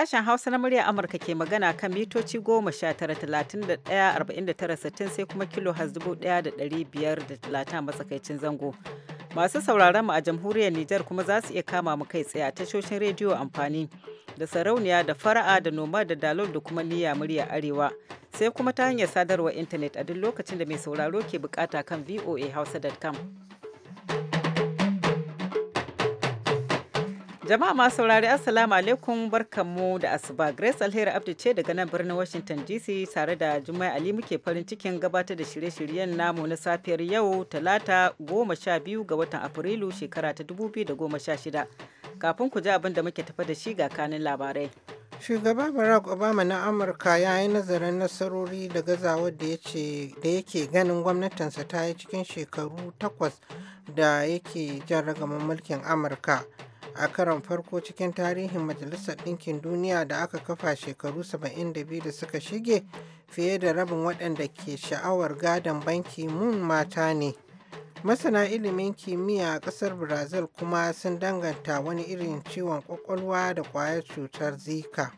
Sashen Hausa na murya Amurka ke magana kan mitoci 19,31,49,60 sai kuma kilo a matsakaicin zango. Masu sauraron mu a jamhuriyar Nijar kuma za su iya kama mu kai tsaye a tashoshin rediyo amfani da sarauniya da fara'a da noma da dalol da kuma niyya murya arewa sai kuma ta hanyar sadarwar intanet a duk lokacin da mai sauraro ke bukata kan voa voahausa.com. Jama'a masu saurari Assalamu alaikum barkanmu da asuba Grace Alheri Abdu ce daga nan birnin Washington DC tare da juma'a Ali muke farin cikin gabatar da shirye-shiryen namu na safiyar yau Talata goma sha biyu ga watan Afrilu shekara ta dubu biyu da goma sha shida. Kafin ku ji abin da muke tafa da shi ga kanin labarai. Shugaba Barack Obama na Amurka ya yi nazarin nasarori da gazawar da yake ganin gwamnatinsa ta yi cikin shekaru takwas da yake jan ragaman mulkin Amurka. a karon farko cikin tarihin majalisar ɗinkin duniya da aka kafa shekaru 72 da suka shige fiye da rabin waɗanda ke sha'awar gadon banki mun mata ne masana ilimin kimiyya a ƙasar brazil kuma sun danganta wani irin ciwon ƙwaƙwalwa da ƙwayar cutar zika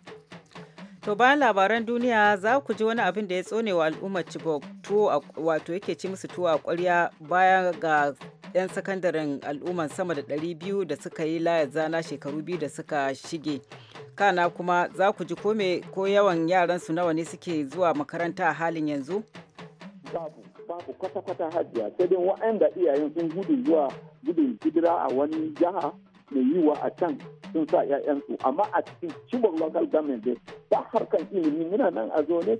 To bayan labaran duniya za ku ji wani abin da ya tsone wa al'ummar Chibok tuwo wato yake ci musu tuwo a ƙwarya baya ga 'yan sakandaren al'ummar sama da 200 da suka yi layar zana shekaru biyu da suka shige. Kana kuma za ku ji kome ko yawan yaran su nawa ne suke zuwa makaranta a halin yanzu? Babu, babu kwata-kwata hajiya, sai dai waɗanda iyayen sun gudu zuwa gudun hijira a wani jiha mai yiwuwa a can sun sa 'ya'yansu amma a cikin cibin local government dai ba harkan ilimi muna nan a zo ne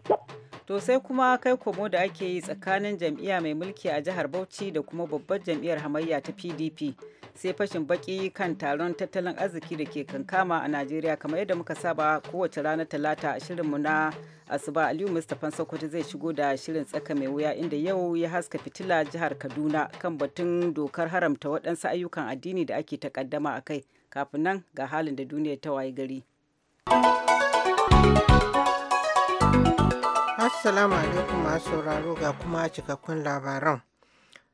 To sai kuma kai komo da ake yi tsakanin jam'iyya mai mulki a jihar Bauchi da kuma babbar jam'iyyar hamayya ta PDP. Sai fashin baki kan taron tattalin arziki da ke kankama a Najeriya kamar yadda muka saba kowace ranar Talata a shirinmu na Asuba Aliyu Mustapha Sokoto zai shigo da shirin tsaka mai wuya inda yau ya haska fitila jihar Kaduna kan batun dokar haramta waɗansu ayyukan addini da ake takaddama a kai. Kafin nan ga halin da duniya ta waye gari. Assalamu alaikum masu sauraro ga kuma cikakkun labaran.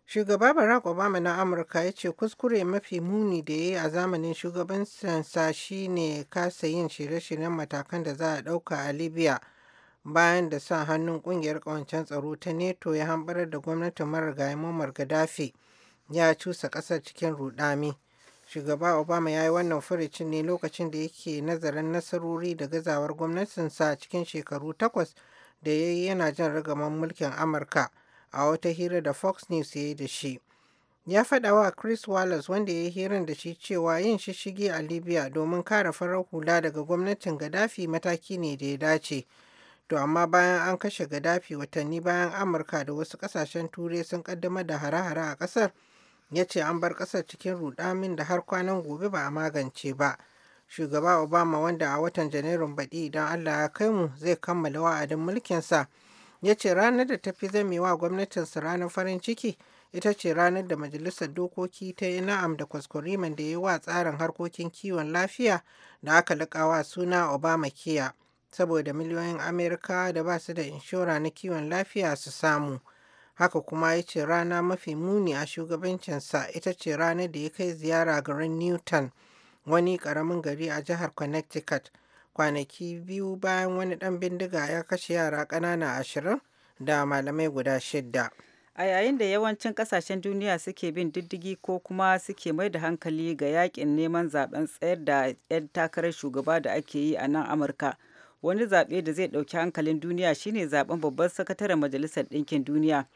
Shugaba Barack Obama na Amurka ya ce kuskure mafi muni da ya yi a zamanin shugaban shi ne kasa yin shirye-shiryen matakan da za a ɗauka a Libya bayan da sa hannun ƙungiyar ƙawancen tsaro ta NATO ya hambarar da gwamnatin marigayi Muammar Gaddafi ya cusa ƙasar cikin rudami. Shugaba Obama ya yi wannan furicin ne lokacin da yake nazarin nasarori da gazawar gwamnatinsa cikin shekaru takwas da ya yi yana jan rigamar mulkin Amurka a wata hira da Fox News ya yi da shi. Ya faɗa wa Chris Wallace wanda ya yi hirar da shi cewa yin shishigi a Libya domin kare farar hula daga gwamnatin Gaddafi mataki ne da ya dace. To amma bayan an kashe Gaddafi watanni bayan Amurka da wasu ƙasashen Turai sun ƙaddamar da hare-hare a ƙasar, ya ce an bar ƙasar cikin rudamin da har kwanan gobe ba a magance ba. shugaba obama wanda a watan janairun baɗi idan allah ya kai mu zai kammala wa'adin mulkinsa ya ce ranar da tafi zamewa gwamnatinsa ranar farin ciki ita ce ranar da majalisar dokoki ta yi na'am da kwaskwariman da ya yi wa tsarin harkokin kiwon lafiya da aka wa suna obama kiya saboda miliyoyin amerika da ba su da inshora na kiwon lafiya su samu haka kuma ya ce rana mafi muni a shugabancinsa ita ce ranar da ya kai ziyara garin newton wani karamin gari a jihar Connecticut kwanaki biyu bayan wani dan bindiga ya kashe yara kanana ashirin da malamai guda shidda. A yayin da yawancin kasashen duniya suke bin diddigi ko kuma suke mai da hankali ga yakin neman zaben tsayar da 'yan takarar shugaba da ake yi a nan Amurka. Wani zaɓe da zai ɗauki hankalin duniya shine zaben babban sakataren Majalisar Ɗinkin Duniya.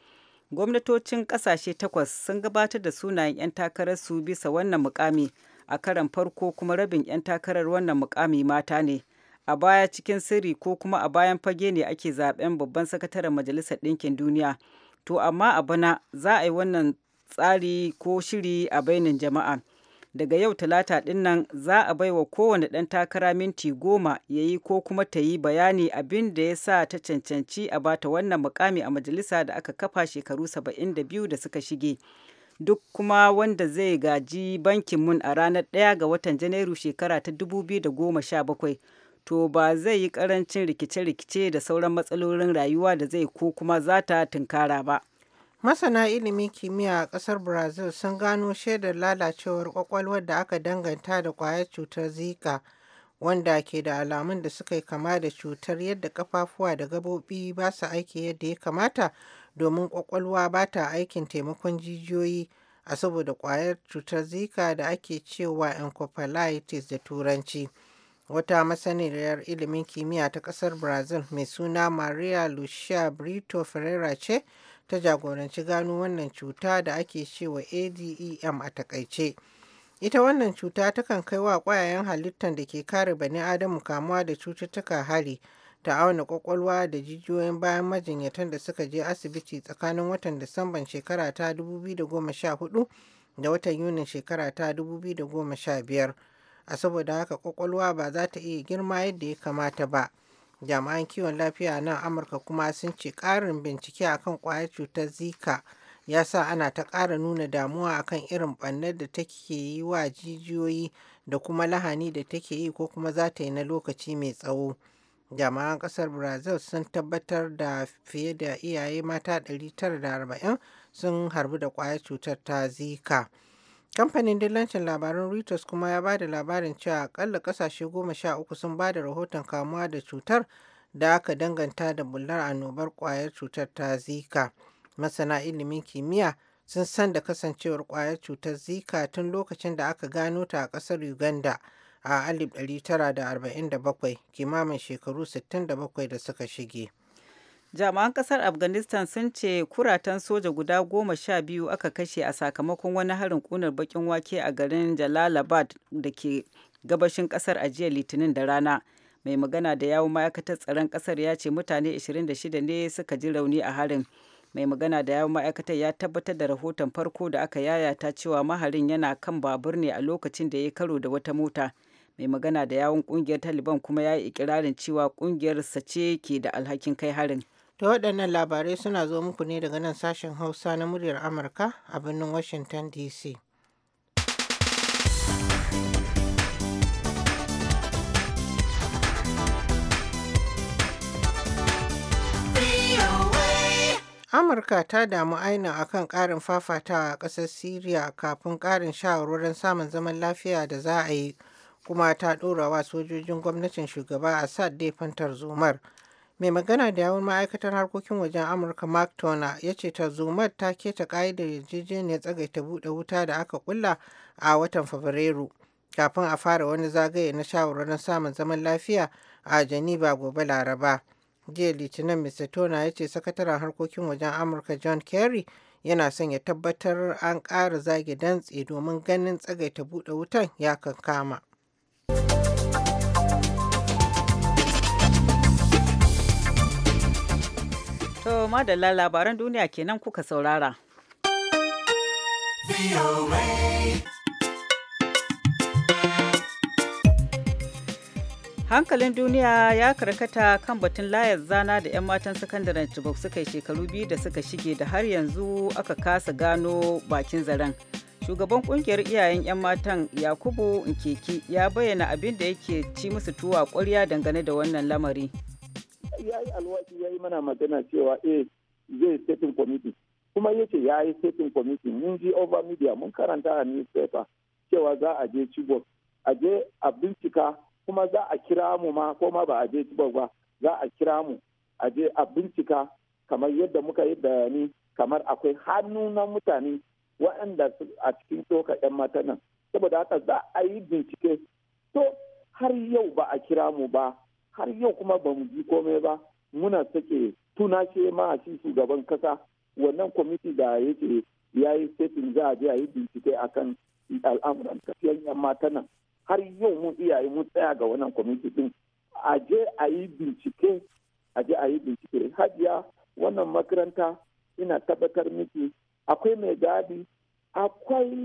Gwamnatocin ƙasashe takwas sun gabatar da sunayen 'yan takararsu bisa wannan mukami. a karan farko kuma rabin 'yan takarar wannan mukami mata ne a baya cikin sirri ko kuma a bayan fage ne ake zaben babban sakataren majalisar ɗinkin duniya to amma a bana za a yi wannan tsari ko shiri a bainin jama'a daga yau talata ɗin nan za a baiwa kowane ɗan takara minti goma ya yi ko kuma ta yi bayani abin da ya sa ta cancanci a bata wannan mukami a majalisa da aka kafa shekaru 72 da suka shige duk kuma wanda zai gaji bankin mun a ranar 1 ga watan janairu shekara ta 2017 to ba zai yi karancin rikice-rikice da sauran matsalolin rayuwa da zai ko kuma za ta tunkara ba. Masana ilimin kimiyya a ƙasar Brazil sun gano shaidar lalacewar kwakwalwar da aka danganta da kwayar cutar Zika, wanda ke da alamun da suka yi kama da cutar yadda kafafuwa da gabobi ba su aiki yadda ya kamata domin ƙwaƙwalwa ba ta aikin taimakon jijiyoyi a saboda kwayar cutar zika da ake cewa encephalitis da turanci wata masaniyar ilimin kimiyya ta ƙasar brazil mai suna maria lucia brito ferreira ce ta jagoranci gano wannan cuta da ake cewa adem a e takaice ita wannan cuta takan kai wa kwayayen halittar da ke kare bani adamu kamuwa da cututtuka hari ta auna kwakwalwa da jijiyoyin bayan majinyatan da suka je asibiti tsakanin watan Disamban shekara ta 2014 da watan Yunin shekara ta 2015. A saboda haka kwakwalwa ba za ta iya girma yadda ya kamata ba. Jami'an kiwon lafiya nan Amurka kuma sun ce karin bincike akan ƙwayar cutar Zika ya sa ana ta ƙara nuna damuwa akan irin ɓannar da take yi wa jijiyoyi da kuma lahani da take yi ko kuma za ta yi na lokaci mai tsawo. jama'an kasar brazil sun tabbatar da fiye da iyaye mata 940 sun harbi da kwayar cutar ta zika kamfanin dillancin labarin reuters kuma ya ba da labarin cewa akalla kasashe goma sha uku sun ba da rahoton kamuwa da cutar da aka danganta da bullar annobar kwayar cutar ta zika masana ilimin kimiyya sun san da kasancewar kwayar cutar zika tun lokacin da aka gano ta a kasar uganda a 1947 kimamin shekaru 67 da suka shige. jami'an kasar afghanistan sun ce kuratan soja guda goma sha biyu aka kashe a sakamakon wani harin kunar bakin wake a garin jalalabad da ke gabashin kasar a jiya litinin da rana mai magana da yawon ma'aikatar tsaron kasar ya ce mutane 26 ne suka ji rauni a harin mai magana da yawon ma'aikatar ya tabbatar da rahoton farko da aka yayata cewa maharin yana kan babur ne a lokacin da ya karo da wata mota. mai magana da yawon kungiyar taliban kuma ya yi ikirarin cewa ƙungiyarsa ce ke da alhakin kai harin da waɗannan labarai suna zo muku ne daga nan sashen hausa na muryar amurka a birnin washington dc amurka ta damu ainihin akan ƙarin fafatawa a ƙasar syria kafin karin shawarwarin samun zaman lafiya da za a yi kuma ta ɗora wa sojojin gwamnatin shugaba a sa fantar tarzomar. Mai magana da yawon ma'aikatar harkokin wajen Amurka Mark Turner ya ce tarzomar ta keta ƙa'idar yarjejeniyar tsagaita buɗe wuta da aka kulla a watan Fabrairu kafin a fara wani zagaye na shawarwarin samun zaman lafiya a janiba gobe Laraba. Jiya Litinin Mr. Turner ya ce sakataren harkokin wajen Amurka John Kerry yana son ya tabbatar an ƙara zage dantse domin ganin tsagaita buɗe wutan ya kankama. To madalla labaran duniya kenan kuka saurara. Hankalin duniya ya karkata kan batun layar zana da 'yan matan sakandaren Chibok suka yi shekaru biyu da suka shige da har yanzu aka kasa gano bakin zaren. Shugaban kungiyar iyayen 'yan matan Yakubu Nkeki ya bayyana abin da yake ci musu tuwa ƙwarya dangane da wannan lamari. ya yi alwashi ya yi mana magana cewa eh zai setting committee kuma ya ya yi setting committee mun ji over media mun karanta a newspaper cewa za a je chibok a je a bincika kuma za a kira mu ma ko ma ba a je chibok ba za a kira mu a je a bincika kamar yadda muka yi bayani kamar akwai hannu na mutane waɗanda a cikin soka ɗan mata nan saboda haka za a yi bincike to har yau ba a kira mu ba har yau kuma ba mu ji komai ba muna sake tunashe ma shi shugaban kasa wannan kwamiti da yake ya yi setin za a je a yi bincike akan al'amuran tafiyan yan mata nan har yau mun iyaye mun tsaya ga wannan kwamiti din a je a yi bincike a je a yi bincike hajiya wannan makaranta ina tabbatar miki akwai mai gadi akwai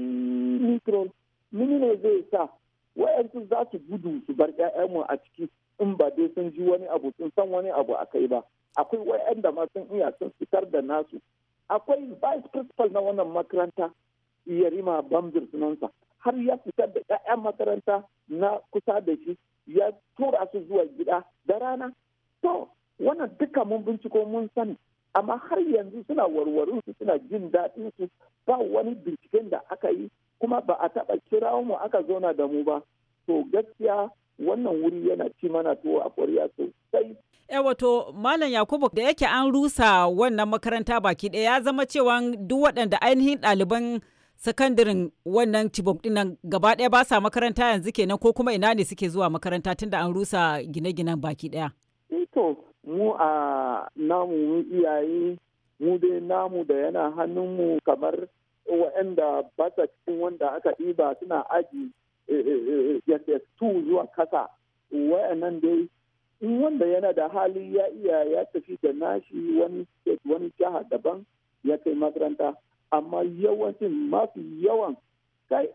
mitron mini ne zai sa wa'yansu za su gudu su bar 'ya'yanmu a ciki in ba dai sun ji wani abu sun san wani abu a kai ba akwai wayanda ma sun iya sun fitar da nasu akwai vice principal na wannan makaranta yarima bambir sunansa har ya fitar da 'ya'yan makaranta na kusa da shi ya tura su zuwa gida da rana to wannan duka mun binciko mun sani amma har yanzu suna warwarin su suna jin daɗin su ba wani binciken da aka yi kuma ba a taɓa kirawo mu aka zauna da mu ba to gaskiya wannan wuri yana ci mana tuwo a koriya sosai ya eh, wato malam yakubu da yake an rusa wannan makaranta baki ɗaya ya zama cewa duk waɗanda ainihin ɗaliban sakandaren wannan cibok dinnan gaba ɗaya ba sa makaranta yanzu kenan ko kuma ina ne suke zuwa makaranta tunda an rusa gine-ginen baki ɗaya. Eh, to mu a namu mu iyaye mu dai namu da yana hannun hannunmu kamar waɗanda ba sa cikin wanda aka ɗiba suna aji Eh, eh, eh, ss2 zuwa kasa wayannan dai in wanda yana da hali ya iya ya tafi da nashi wani state wani jaha daban ya kai makaranta amma yawancin mafi yawan kai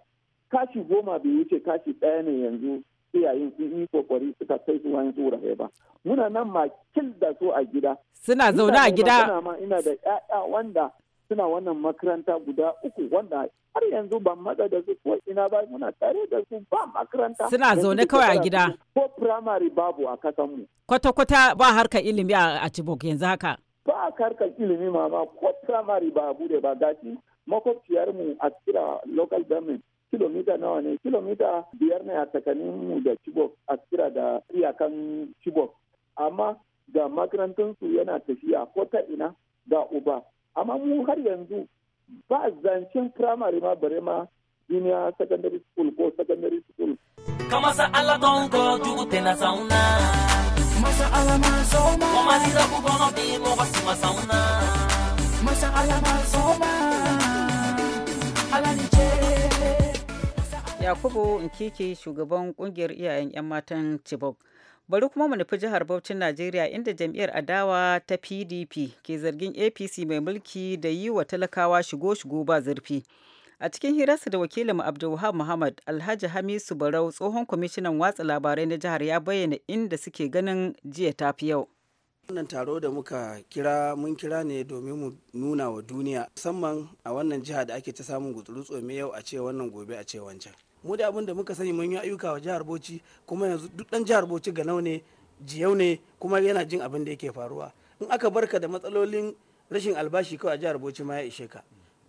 kashi goma bai wuce kashi ɗaya ne yanzu iyayen sun yi kokari suka kai su wani wurare ba muna nan makil da su a gida suna zaune a gida ina da ƴaƴa wanda suna wannan makaranta guda uku wanda har yanzu ban matsa da su ko ina ba muna tare da su ba makaranta. Suna zaune kawai a gida. Ko firamare babu a kasan mu. Kwata-kwata ba harkar ilimi a Chibok yanzu haka. Ba harkar ilimi mama ko firamare babu da bude ba gashi mu a kira local government kilomita nawa ne kilomita biyar ne a tsakanin mu da Chibok a kira da iyakan Chibok amma ga makarantunsu yana tafiya ko ta ina ga uba amma mu har yanzu ba zancen firamare ma bare ma junior secondary school ko secondary school masa ala tonko jugu tena sauna masa ala ma soma komaliza kukono bi mo basima sauna masa ala ma soma ala ni ce. Yakubu nkiki shugaban kungiyar iyayen 'yan matan Chibok bari kuma mu nufi jihar Bauchin Najeriya inda jam'iyyar adawa ta PDP ke zargin APC mai mulki da yi wa talakawa shigo-shigo ba zurfi. A cikin hirarsa da wakilin Abdulwahab Muhammad Alhaji Hamisu Barau tsohon kwamishinan watsa labarai na jihar ya bayyana inda suke ganin jiya tafi yau. wannan taro da muka kira mun kira ne domin mu nuna wa duniya musamman a wannan jiha da ake ta samun gutsuru tsome yau a ce wannan gobe a ce wancan mu da abin da muka sani mun yi ayyuka wa jihar bauchi kuma yanzu duk dan jihar bauchi nau ne jiyau ne kuma yana jin abin da yake faruwa in aka barka da matsalolin rashin albashi kawai a jihar bauchi ma ya ishe ka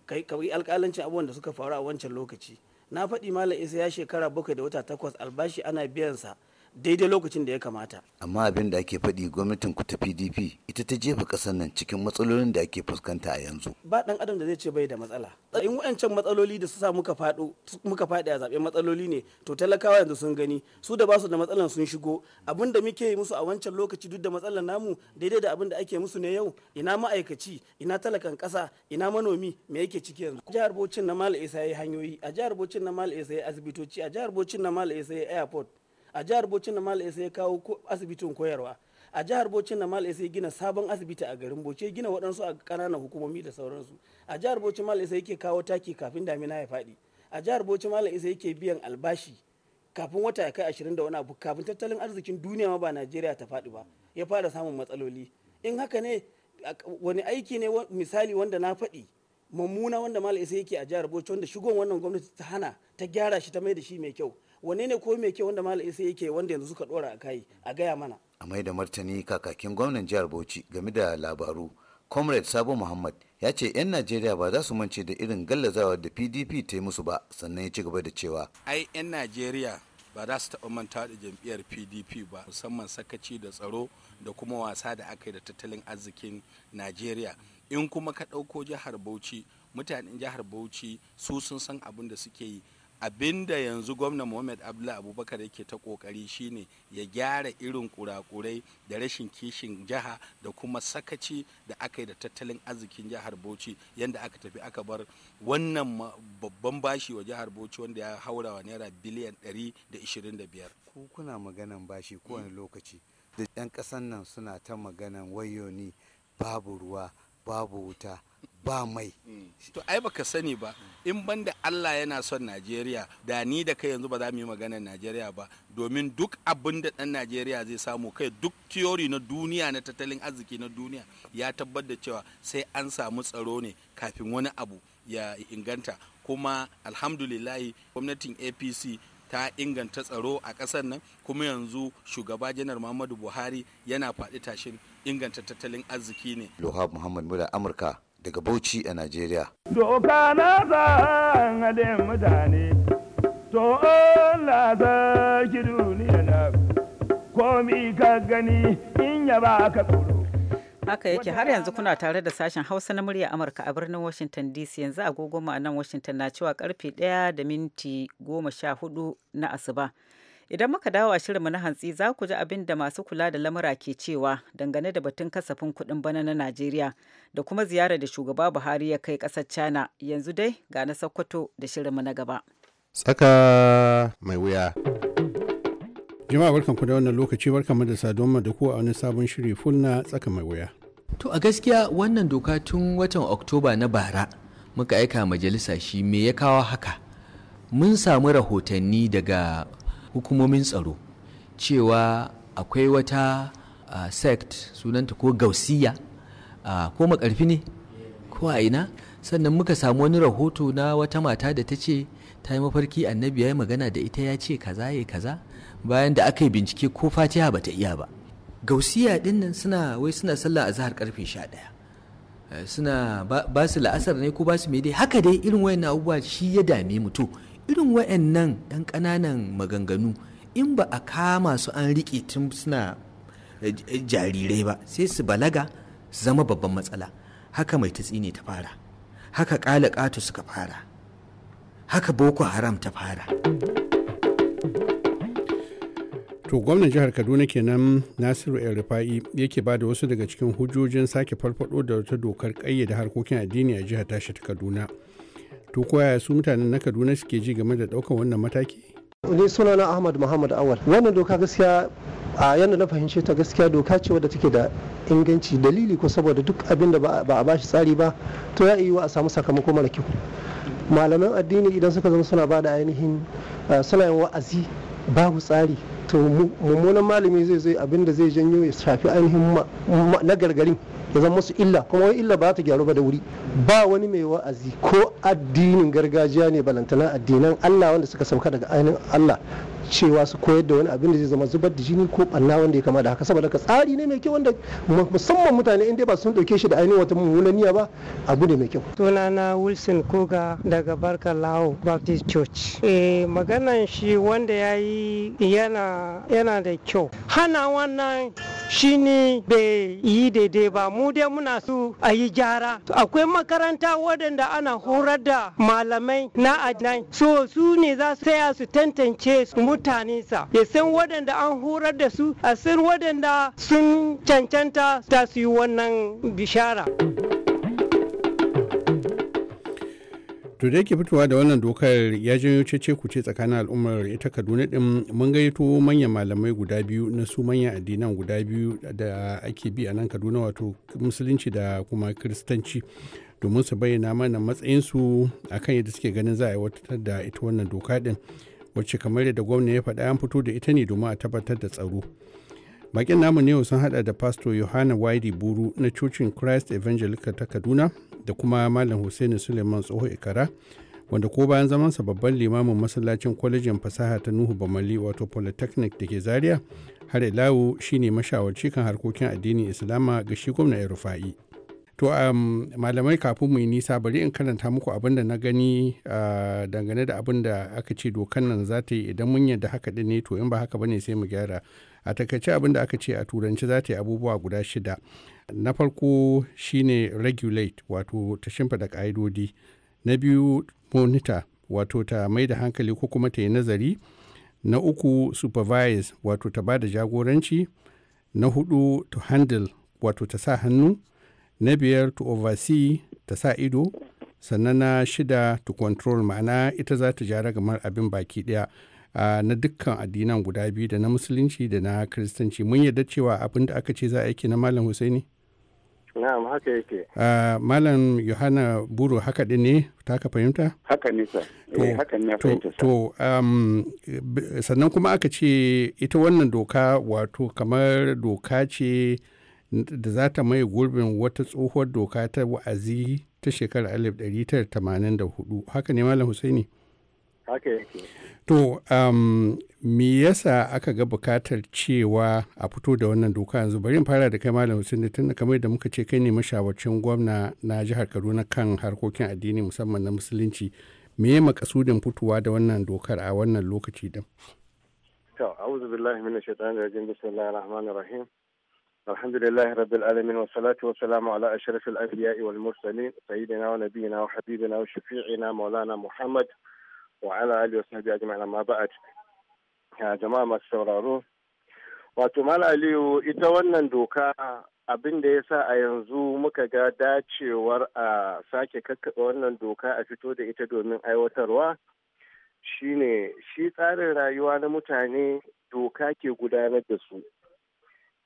kai kawai alkalancin abubuwan da suka faru a wancan lokaci na faɗi malam isa ya shekara bakwai da wata takwas albashi ana biyan sa daidai lokacin da ya kamata. Amma abin da ake faɗi gwamnatin ku ta PDP ita ta jefa ƙasar nan cikin matsalolin da ake fuskanta a yanzu. Ba ɗan adam da zai ce bai da matsala. In wa'ancan matsaloli da su sa muka faɗo muka faɗi a zaɓen matsaloli ne to talakawa yanzu sun gani su da basu da matsalan sun shigo abin da muke yi musu a wancan lokaci duk da matsalan namu daidai da abin da ake musu ne yau ina ma'aikaci ina talakan ƙasa ina manomi me yake ciki yanzu. Jihar Bocin na Mal Isa ya yi hanyoyi a jihar Bocin na Mal Isa ya asibitoci a jihar Bocin na Mal Isa ya airport a jihar bauchi na mal ya kawo asibitin koyarwa a jihar bauchi na mal ya gina sabon asibiti a garin bauchi gina waɗansu a ƙananan hukumomi da sauransu a jihar bauchi mal ya yake kawo taki kafin damina ya faɗi a jihar bauchi mal ya yake biyan albashi kafin wata ya kai ashirin da wani abu kafin tattalin arzikin duniya ma ba najeriya ta faɗi ba ya fara samun matsaloli in haka ne wani aiki ne misali wanda na faɗi mummuna wanda mal isa yake a jihar bauchi wanda shigon wannan gwamnati ta hana ta gyara shi ta mai da shi mai kyau wane ne ko mai kyau wanda malam isa yake wanda yanzu suka dora a kai a gaya mana a mai da martani kakakin gwamnan jihar bauchi game da labaru comrade sabo muhammad ya ce 'yan najeriya ba za su mance da irin gallazawa da pdp ta yi musu ba sannan ya ci gaba da cewa ai 'yan najeriya ba za su taɓa manta da jam'iyyar pdp ba musamman sakaci da tsaro da kuma wasa da aka yi da tattalin arzikin najeriya in kuma ka ɗauko jihar bauchi mutanen jihar bauchi su sun san abin da suke yi abinda yanzu gwamna Muhammad Abdullahi Abubakar yake ta kokari shine ya gyara irin kurakurai da rashin kishin jiha da kuma sakaci da aka yi da tattalin arzikin jihar Bauchi yadda aka tafi aka bar wannan babban bashi wa jihar Bauchi wanda ya haura wa naira biliyan 125 ko kuna maganan bashi mm. ko wani lokaci da 'yan kasan nan suna ta maganan wayoni babu ruwa babu wuta ba mai mm. to ai baka sani ba in banda Allah yana son Najeriya da ni da kai yanzu ba za mu yi maganar Najeriya ba domin duk abin da dan Najeriya zai samu kai duk theory na duniya na tattalin arziki na duniya ya tabbatar da cewa sai an samu tsaro ne kafin wani abu ya inganta kuma alhamdulillahi gwamnatin apc ta inganta tsaro a ƙasar nan kuma yanzu shugaba janar muhammadu buhari yana faɗi tashin inganta tattalin arziki ne luhab muhammad mura amurka daga Bauchi a Najeriya. Doka na zan haɗe mutane, to Allah duniya komi ka gani in ya ba tsoro. Haka yake har yanzu kuna tare da sashen Hausa na murya Amurka a birnin Washington DC yanzu agogo a nan Washington na cewa karfe 1 da minti 14 na asuba. Idan muka dawo shirinmu na hantsi za ku ji abin da masu kula da lamura ke cewa dangane da batun kasafin kuɗin bana na Najeriya da kuma ziyarar da shugaba Buhari ya kai ƙasar China. Yanzu dai ga na Sokoto da shirinmu na gaba. Tsaka mai wuya. Jama'a ku da wannan lokaci mu da saduwa da ku a wani sabon shiri na tsaka mai wuya. To a gaskiya wannan doka tun watan Oktoba na bara muka aika majalisa shi me ya kawo haka. Mun samu rahotanni daga hukumomin tsaro cewa akwai wata uh, sect sunanta ko gausiya ko makarfi ne ko a ina sannan muka samu wani rahoto na wata mata da ta ce ta yi mafarki annabi ya yi magana da ita ya ce kaza ya kaza bayan da aka yi bincike ko fatiha ba ta iya ba gausiya din nan suna wai suna sallah a zahar karfe sha ɗaya eh, suna ba su la'asar ne ko ba su dai haka dai irin wayan abubuwa shi ya dame mu to irin wa'annan ɗan ƙananan maganganu in ba a kama su an riƙe tun suna eh, eh, jarirai ba sai su balaga su zama babban matsala haka mai tatsi ne ta fara haka ƙala ƙato suka fara haka boko haram ta fara to gwamnan jihar kaduna kenan nasiru el rufa'i yake ba da wasu daga cikin hujjojin sake farfado da wata dokar ƙayyade harkokin addini a jihar tashi ta kaduna to ya su mutanen na kaduna suke ji game da ɗaukan wannan mataki ne sunana ahmad muhammad awal wannan doka gaskiya a yadda na fahimce ta gaskiya doka ce wadda take da inganci dalili ko saboda duk abin da ba a bashi tsari ba to ya iya a samu sakamako mara kyau malaman addini idan suka zama suna bada ainihin suna yin wa'azi babu tsari to mummunan malami zai zai abin da zai janyo ya shafi ainihin na gargarin ya zama musu illa kuma wai illa ba ta gyaru ba da wuri ba wani mai wa'azi ko addinin gargajiya ne balantana addinan Allah wanda suka sauka daga ainihin Allah cewa su koyar da wani abin da zai zama zubar da jini ko banna wanda ya kama da haka saboda ka tsari ne mai kyau wanda musamman mutane inda ba sun dauke shi da ainihin wata mummunan niyya ba abu ne mai kyau sunana wilson koga daga barka lao baptist church eh maganan shi wanda ya yi yana da kyau hana wannan shine bai yi daidai ba mu dai muna su a yi gyara akwai makaranta waɗanda ana horar da malamai na adnan so su ne za su saya su tantance mutane sa ya san waɗanda an horar da su a san waɗanda sun cancanta ta su yi wannan bishara. to da yake fitowa da wannan dokar ya janyo cece kuce tsakanin al'ummar ita kaduna din mun gaito manyan malamai guda biyu na su manyan addinan guda biyu da ake bi a nan kaduna wato musulunci da kuma kiristanci domin su bayyana mana matsayinsu kan yadda suke ganin za a aiwatar da ita wannan doka din wacce kamar yadda gwamna ya faɗa an fito da ita ne domin a tabbatar da tsaro bakin namu ne sun hada da pastor yohana wadi buru na cocin christ evangelical ta kaduna da kuma malam hussaini suleiman tsoho ikara wanda ko bayan zamansa babban limamin masallacin kwalejin fasaha ta nuhu bamali wato polytechnic da ke zaria har ilawu shine mashawarci kan harkokin addinin islama ga shi gwamna rufa'i To um, malamai kafin mu yi nisa bari in karanta muku abin da na gani uh, dangane da abin da aka ce dokan nan za ta yi idan mun yadda haka ɗin ne to in ba haka bane sai mu gyara. A takaice abin da aka ce a turanci za ta yi abubuwa guda shida. Na farko shine regulate wato ta shimfiɗa ƙa'idodi. Na biyu monitor wato ta mai da hankali ko kuma ta yi nazari. Na uku supervise wato ta ba da jagoranci. Na hudu to handle wato ta sa hannu. na biyar to oversee ta sa ido sannan na shida to control ma'ana ita za ta jara gamar abin baki daya na dukkan addinan guda biyu da na musulunci da na kiristanci mun yarda cewa abin da aka ce za a yake na malam husaini na'am haka yake malam yohana buru haka din ne ta ka fahimta haka ne sa to eh, to sannan kuma aka ce ita wannan doka wato kamar doka ce da za ta maye gurbin wata tsohuwar doka ta wa'azi ta shekarar 1984 haka ne malam husaini haka to um, me yasa aka ga bukatar cewa a fito da wannan doka yanzu bari in fara da kai malam husaini tun kamar da muka ce kai ne mashawarcin gwamna na jihar kaduna kan harkokin addini musamman na musulunci me ya makasudin fitowa da wannan dokar a wannan lokaci din to الحمد لله رب العالمين والصلاة والسلام على أشرف الأنبياء والمرسلين سيدنا ونبينا وحبيبنا وشفيعنا مولانا محمد وعلى آله وصحبه أجمعين ما بعد يا جماعة ما sauraro wato mal aliyu ita wannan doka abin da ya sa a yanzu muka ga dacewar a sake kakkaɓe wannan doka a fito da ita domin aiwatarwa shine shi tsarin rayuwa na mutane doka ke gudanar da su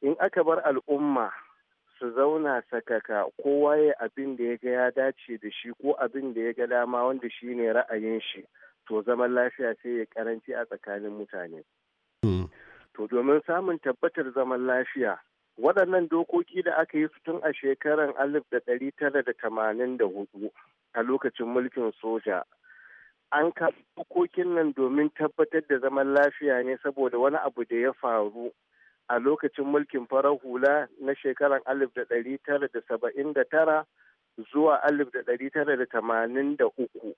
in aka bar al'umma su zauna sakaka kowa ya abin da ya ga ya dace da shi ko abin da ya ga dama wanda shi ne ra'ayin shi to zaman lafiya sai ya karanci a tsakanin mutane. Hmm. To domin samun tabbatar zaman lafiya waɗannan dokoki da aka yi su tun a shekarar alif da ɗari tara da tamanin da hudu a lokacin mulkin soja an ka dokokin nan domin tabbatar da zaman lafiya ne saboda wani abu da ya faru a lokacin mulkin farar hula na shekarar 1979 zuwa 1983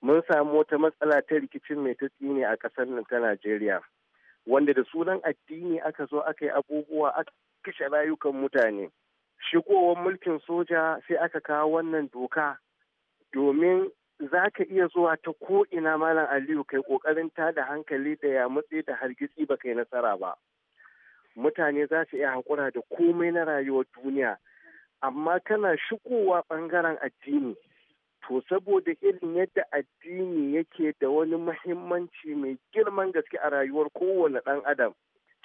mun samu wata matsala ta rikicin mai ta a ƙasar nan ta najeriya wanda da sunan addini aka zo aka yi abubuwa aka kashe rayukan mutane shigowar mulkin soja sai aka kawo wannan doka domin za ka iya zuwa ta ko'ina malam aliyu kai kokarin ta da hankali da ya mutse da hargitsi ba kai nasara ba mutane za su iya haƙura da komai na rayuwar duniya amma kana shigowa ɓangaren addini to saboda irin yadda addini yake da wani mahimmanci mai girman gaske a rayuwar kowane ɗan adam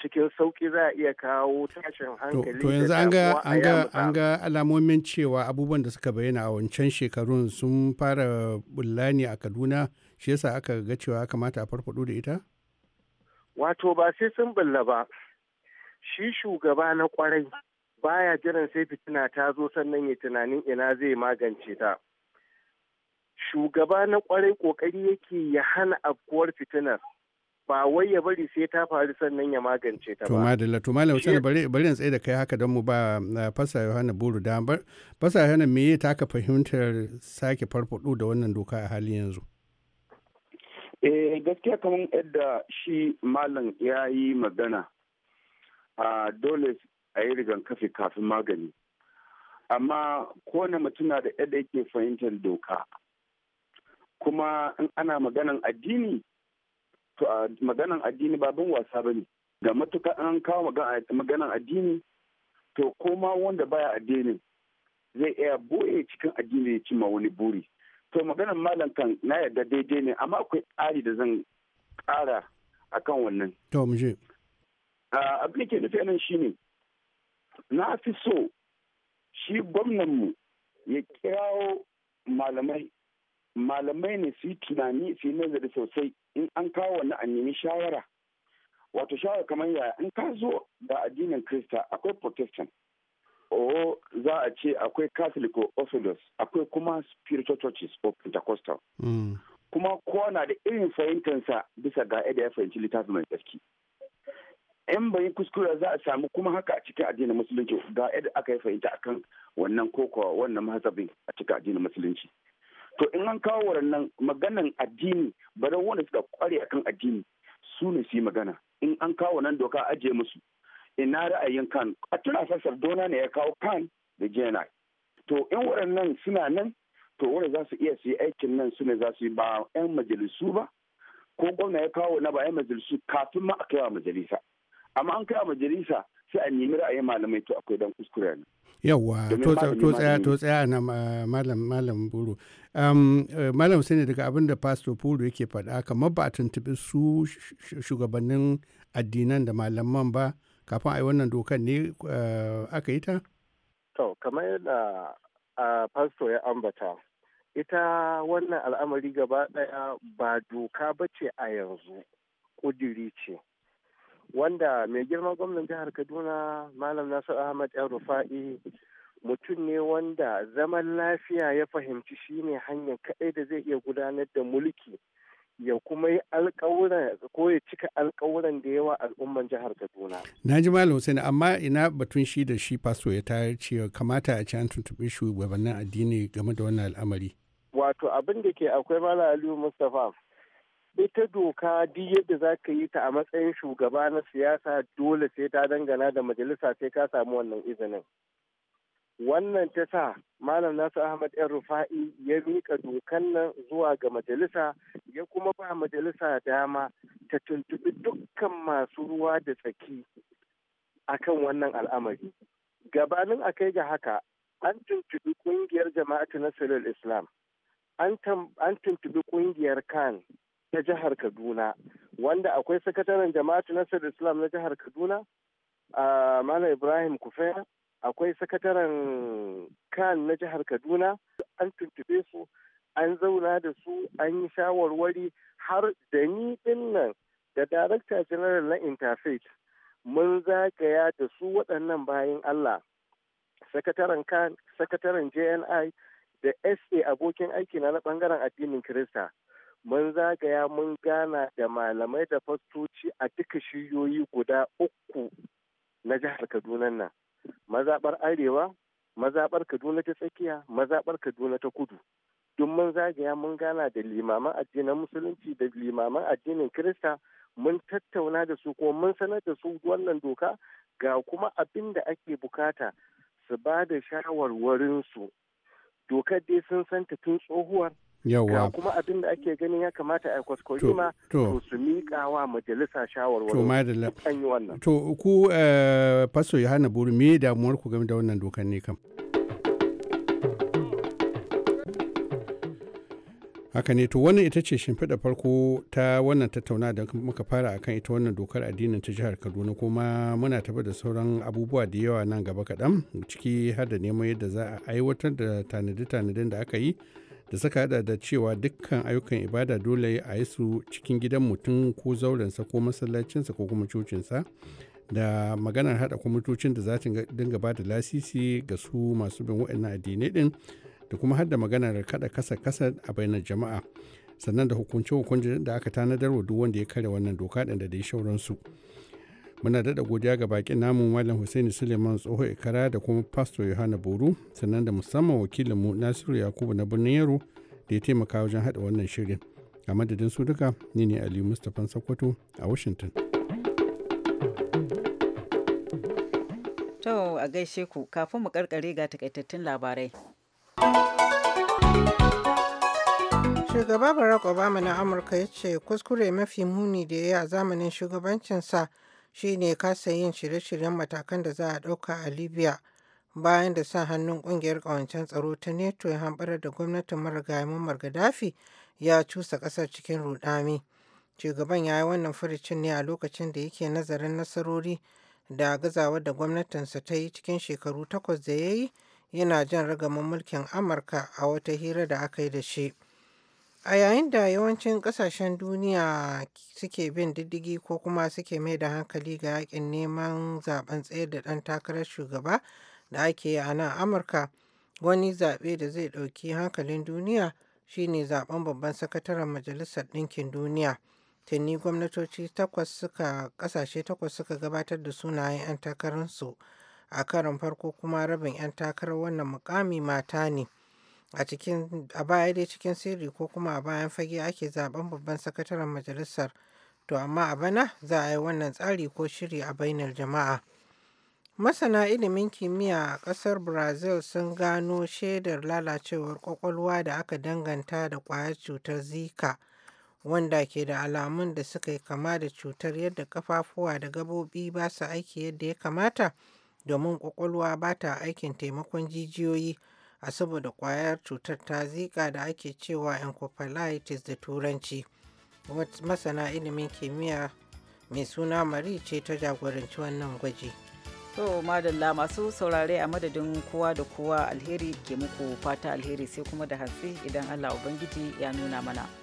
cikin sauki za a iya kawo tashin hankali to yanzu an ga an ga an ga alamomin cewa abubuwan da suka bayyana a wancan shekarun sun fara bulla ne a Kaduna shi yasa aka ga cewa kamata a farfado da ita wato ba sai sun bulla ba shi shugaba na kwarai baya jiran sai fitina ta zo sannan ya tunanin ina zai magance ta shugaba na kwarai kokari yake ya hana afkuwar fitinar ba wai ya bari sai ta faru sannan ya magance ta ba. Tuma da tuma malam wasan bari bari in tsaye da kai haka don mu ba eh, fasa Yohana Buru damar fasa Yohana me ya taka fahimtar sake farfado da wannan doka a halin yanzu. Eh gaskiya kamar yadda shi malam ya yi magana a dole a yi rigan kafi kafin magani. Amma kowane mutum na da yadda yake fahimtar doka. Kuma in ana maganan addini to a maganan addini ba bin wasa ba ne ga matuka an kawo maganan addini to koma wanda baya addinin zai iya boye cikin addini ya cima wani buri to maganan malam kan na yarda daidai ne amma akwai tsari da zan ƙara kan wannan to mu je abin ke nufi nan shine na fi so shi gwamnan mu ya kirawo malamai malamai ne su yi tunani su yi nazari sosai in an kawo wani a nemi shawara wato shawara kamar yaya in ka zo da addinin krista akwai protestant o za a ce akwai catholic or orthodox akwai kuma spiritual churches or pentecostal hmm. kuma kowa na da irin fahimtansa bisa ga yadda ya fahimci littafin mai tsarki in bai kuskure za a samu kuma haka a cikin addinin musulunci ga yadda aka yi fahimta akan wannan kokowa wannan mahazabin a cikin addinin musulunci to in an kawo waɗannan maganan addini bare wanda suka kware a kan addini su ne su yi magana in an kawo nan doka ajiye musu ina ra'ayin kan a tuna sassar dona ne ya kawo kan da jena to in waɗannan suna nan to wanda za su iya su aikin nan su ne za su yi ba 'yan majalisu ba ko gwamna ya kawo na ba 'yan majalisu kafin ma a kai wa majalisa amma an kai wa majalisa sai a nemi ra'ayin malamai to akwai dan kuskure ne yawwa to tsaya to tsaya na malam malam buru eh, malam sani daga abin da pastor buru yake faɗa kamar ba a tuntuɓi su shugabannin addinan da malaman ba kafin a yi wannan dokar ne eh, aka yi ta to kamar yadda pastor ya ambata ita wannan al'amari gaba ɗaya ba doka ba ce a yanzu ƙudiri ce wanda mai girman gwamnan jihar kaduna malam nasir ahmad ya rufa'i mutum ne wanda zaman lafiya ya fahimci shine hanyar kaɗai da zai iya gudanar da mulki ya kuma yi alkawuran ko ya cika alkawuran da yawa al'umman jihar kaduna na ji malam hussein amma ina batun shi da shi faso ya tayar cewa kamata a ci an tuntuɓi shugabannin addini game da wannan al'amari wato abin da ke akwai malam aliyu mustapha ita doka duk yadda za ka yi ta a matsayin shugaba na siyasa dole sai ta dangana da majalisa sai ka samu wannan izinin wannan ta sa malam nasu ahmad yan rufa'i ya mika dokan nan zuwa ga majalisa ya kuma ba majalisa dama ta tuntubi dukkan masu ruwa da tsaki akan wannan al'amari gabanin a kai ga haka an tuntubi kungiyar jama'atu nasarar islam an tuntubi ƙungiyar kan ta jihar Kaduna wanda akwai sakataren jama'atu Nasar Islam na jihar Kaduna a Mala Ibrahim Kufaya akwai sakataren kan na jihar Kaduna an tuntube su an zauna da su an yi shawarwari har da ni dinnan da darakta general na interfaith mun zagaya da su waɗannan bayan Allah sakataren kan sakataren JNI da SA abokin aikina na bangaren addinin Kirista mun zagaya mun gana da malamai da fastoci a duka shiyoyi guda uku na jihar kaduna nan mazaɓar arewa mazabar kaduna ta tsakiya mazabar kaduna ta kudu duk mun zagaya mun gana da limaman addinin musulunci da limaman addinin kirista mun tattauna da su ko mun sanar da su wannan doka ga kuma abin da ake bukata su ba da shawarwarinsu dokar dai sun santa tun tsohuwar Ga kuma abin da ake ganin ya kamata a kwaskwari ma to su miƙa wa majalisa shawarwari. To madalla. yi wannan. To ku eh, Buru me damuwar ku game da wannan dokar ne kam? haka ne to wannan ita ce shimfiɗa farko ta wannan tattauna da muka fara akan ita wannan dokar addinin ta jihar kaduna kuma muna tafi da sauran abubuwa da yawa nan gaba kaɗan ciki har da neman yadda za a aiwatar da tanadi tanadin da aka yi da suka hada da cewa dukkan ayyukan ibada dole a yi su cikin gidan mutum ko zaurensa ko masallacinsa ko kuma cocinsa da maganar hada kwamitocin da za ta dinga ba da lasisi ga su masu bin waɗannan addinai din da kuma hada maganar kada kasa kasa a bainar jama'a sannan da hukunce hukunce da aka tanadar wa duk wanda ya karya wannan doka da dai shauransu muna daɗa godiya ga bakin namu malam hussaini suleiman tsoho ikara da kuma pastor yohana buru sannan da musamman wakilinmu nasiru yakubu na birnin yaro da ya taimaka wajen haɗa wannan shirin a madadin su duka ni ne aliyu mustapha sokoto a washington to a gaishe ku kafin mu karkare ga takaitattun labarai shugaba barack obama na amurka ya ce kuskure mafi muni da ya yi a zamanin shugabancinsa shine kasa yin shirye-shiryen matakan da za a ɗauka a libya bayan da sa hannun ƙungiyar ƙawancen tsaro ta neto ya hamɓarar da gwamnatin marigayi muammar gaddafi ya cusa ƙasar cikin rudami shugaban ya yi wannan furicin ne a lokacin da yake nazarin nasarori da gazawa da gwamnatinsa ta yi cikin shekaru takwas da ya yi yana jan ragamin mulkin amurka a wata hira da aka yi da shi. A yayin da yawancin ƙasashen duniya suke bin diddigi ko kuma suke mai da hankali ga yakin neman zaben tsayar da ɗan takarar shugaba da ake yi a nan Amurka, wani zaɓe da zai ɗauki hankalin duniya shine zaben babban sakataren Majalisar Ɗinkin Duniya. Tuni gwamnatoci takwas suka kasashe takwas suka gabatar da sunayen 'yan takararsu a karin farko kuma rabin 'yan takarar wannan mukami mata ne. a cikin a baya dai cikin sirri ko kuma a bayan fage ake zaben babban sakataren majalisar to amma a bana za a yi wannan tsari ko shiri a bainar jama'a masana ilimin kimiyya a ƙasar brazil sun gano shaidar lalacewar kwakwalwa da aka danganta da ƙwayar cutar zika wanda ke da alamun da suka yi kama da cutar yadda kafafuwa da gabobi ba su aiki yadda ya kamata domin kwakwalwa ba ta aikin taimakon jijiyoyi a saboda kwayar cutar ta zika da ake cewa encephalitis da turanci masana ilimin kimiyya mai suna mari ce ta jagoranci wannan gwaji to madalla masu saurare a madadin kowa da kowa alheri ke muku fata alheri sai kuma da hatsi idan allah ubangiji ya nuna mana